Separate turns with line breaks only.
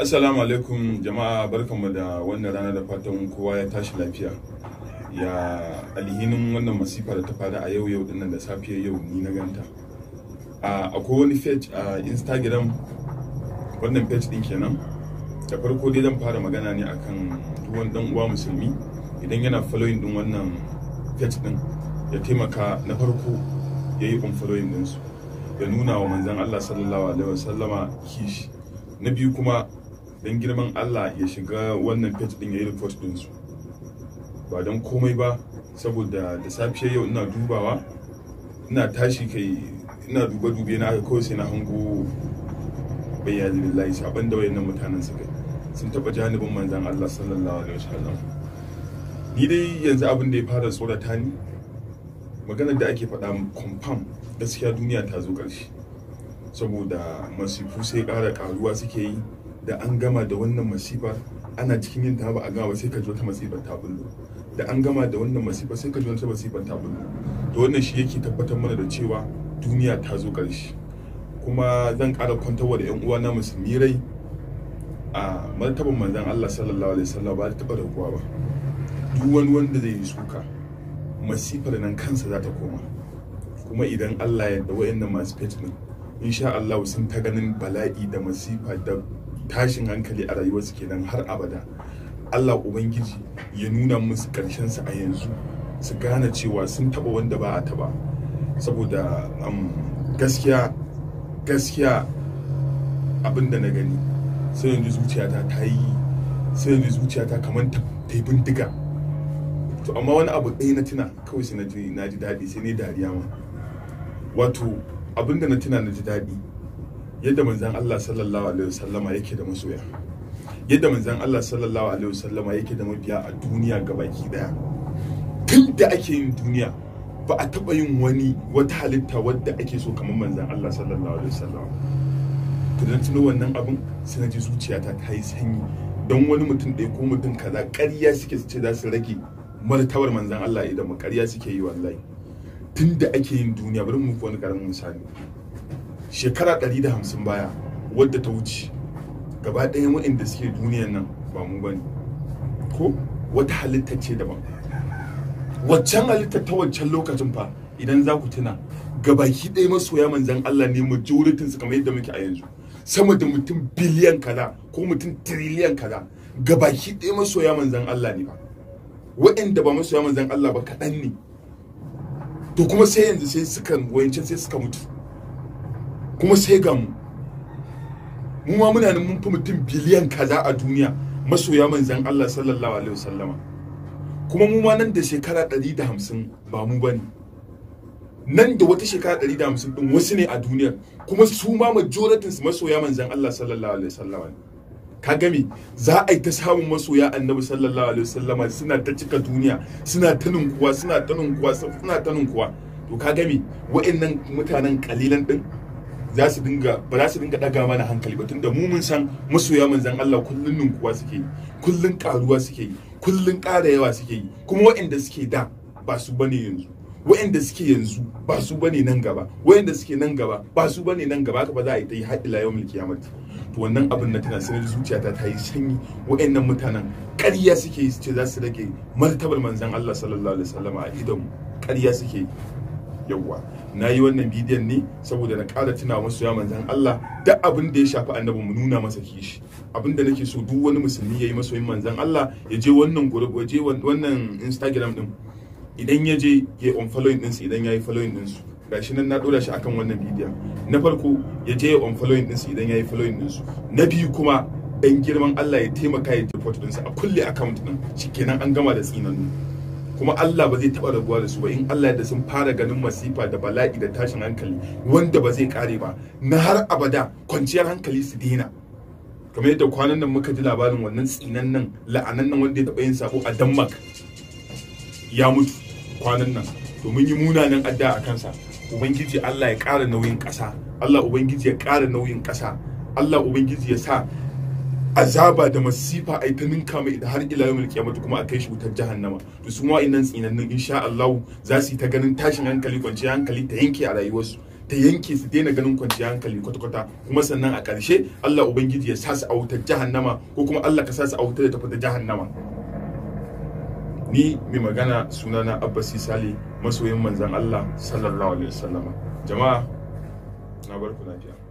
assalamu alaikum jama'a barkanmu da wannan rana da fatan kowa ya tashi lafiya ya alhinin wannan masifa da ta fada a yau yau dinnan da safiya yau ni na ganta akwai wani page a instagram wannan page din kenan da farko dai zan fara magana ne akan duk wani dan uwa musulmi idan yana following din wannan page din ya taimaka na farko ya yi unfollowing din su ya nuna wa manzon Allah sallallahu alaihi wasallama kishi na biyu kuma don girman eh. Allah ya shiga wannan page din ya yi report din su ba don komai ba saboda da safiya yau ina dubawa ina tashi kai ina duba dube na haka kawai sai na hango bayan lillahi saban da wayannan mutanen suka sun taba janibin manzan Allah sallallahu alaihi wasallam ni dai yanzu abin da ya fara tsorata ni maganar da ake faɗa confirm gaskiya duniya ta zo ƙarshe saboda masifu sai ƙara ƙaruwa suke yi da an gama da wannan masifa ana cikin yin ta ba a gama sai ka ji masifar ta bullo da an gama da wannan masifar sai ka ji masifar ta bullo to wannan shi yake tabbatar mana da cewa duniya ta zo ƙarshe kuma zan ƙara kwantarwa da 'yan uwa na musulmi rai a martaban manzon Allah sallallahu alaihi wasallam ba ta bada kuwa ba duk wani wanda zai yi suka masifar nan kansa za ta koma kuma idan Allah ya yarda wayannan masu din insha Allah sun ta ganin bala'i da masifa da tashin hankali a rayuwarsu kenan har abada allah ubangiji ya nuna musu karshensu a yanzu su gane cewa sun taba wanda ba a taba saboda um, gaskiya gaskiya abin da na gani sai yanzu zuciyata ta yi sai yanzu zuciyata kamar ta yi bindiga to amma wani abu ɗaya na tuna kawai sai na ji daɗi sai ne dariya ma wato abin da na tuna na ji daɗi yadda manzan Allah sallallahu alaihi wasallama yake da masoya yadda manzan Allah sallallahu alaihi wasallama yake da mabiya a duniya gabaki daya tun da ake yin duniya ba a taba yin wani wata halitta wadda ake so kamar manzan Allah sallallahu alaihi wasallama to dan tuno wannan abin sai ji zuciyata ta yi sanyi dan wani mutum ɗaya ko mutum kaza ƙarya suke su ce za su rage martabar manzan Allah idan mu ƙarya suke yi wallahi tun da ake yin duniya bari mu wani karamin misali shekara 150 baya wadda ta wuce gaba ɗaya waɗanda suke duniyan nan ba mu bane ko wata halitta ce daban waccan halitta ta waccan lokacin fa idan za ku tuna gabaki ɗaya masoya manzan Allah ne majoritin su kamar yadda muke a yanzu sama da mutum biliyan kaza ko mutum tiriliyan kaza gabaki ɗaya masoya manzan Allah ne waɗanda ba masoya manzan Allah ba kaɗan ne to kuma sai yanzu sai suka wayancin sai suka mutu kuma sai ga mu mu ma muna nan mun fi mutum biliyan kaza a duniya masoya manzan Allah sallallahu alaihi wasallama kuma mu ma nan da shekara 150 ba mu bane nan da wata shekara 150 din wasu ne a duniyar kuma su ma majoritin su masoya manzan Allah sallallahu alaihi wasallama ka gami za a yi ta samun masoya annabi sallallahu alaihi wasallama suna ta cika duniya suna ta ninkuwa suna ta ninkuwa suna ta ninkuwa to ka gami wa'annan mutanen kalilan din za su dinga ba za su dinga daga mana hankali ba tunda mu mun san masoya manzon Allah kullun kuwa suke yi kullun karuwa suke yi kullun ƙara yawa suke yi kuma waɗanda suke da ba su bane yanzu waɗanda suke yanzu ba su bane nan gaba waɗanda suke nan gaba ba su bane nan gaba haka ba za a yi ta yi har ila yawmul kiyamati to wannan abin na tana sanar zuciyata ta yi sanyi waɗannan mutanen ƙarya suke yi su ce za su rage martabar manzon Allah sallallahu alaihi wasallam a idan ƙarya suke yi yawwa na yi wannan bidiyon ne saboda na ƙara tuna masu ya manzan Allah duk abin da ya shafi annabi mu nuna masa kishi abin da nake so duk wani musulmi ya yi masoyin manzan Allah ya je wannan group ya je wannan Instagram din idan ya je ya on following dinsu idan ya yi following ɗinsu gashi nan na ɗora shi akan wannan bidiyon na farko ya je ya on following su idan ya yi din su na biyu kuma dan girman Allah ya taimaka ya din su a kulle account din shikenan an gama da tsinanu kuma Allah ba zai taba rabuwa da su ba in Allah da sun fara ganin masifa da bala'i da tashin hankali wanda ba zai kare ba na har abada kwanciyar hankali su daina kamar yadda kwanan nan muka ji labarin wannan tsinan nan la'anan nan wanda ya taba yin sako a Denmark ya mutu kwanan nan to mun yi munanan adda akan sa ubangiji Allah ya kara nauyin kasa Allah ubangiji ya kara nauyin kasa Allah ubangiji ya sa azaba da masifa ai ta ninka mai da har ila yau kiyamata kuma a kai shi wutar jahannama to su nan tsinannin insha Allah za su yi ta ganin tashin hankali kwanciyar hankali ta yanke a rayuwarsu ta yanke su daina ganin kwanciyar hankali kwata-kwata kuma sannan a ƙarshe Allah ubangiji ya sa su a wutar jahannama ko kuma Allah ka sa su a wutar da tafata jahannama ni mai magana sunana Abbasi Sale masoyin manzan Allah sallallahu alaihi wasallama jama'a na barku lafiya